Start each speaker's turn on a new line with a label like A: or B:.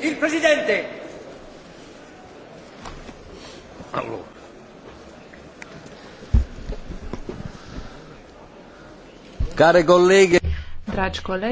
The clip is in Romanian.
A: Il Presidente! Allora.
B: Care colleghe. Dragi
C: colegi.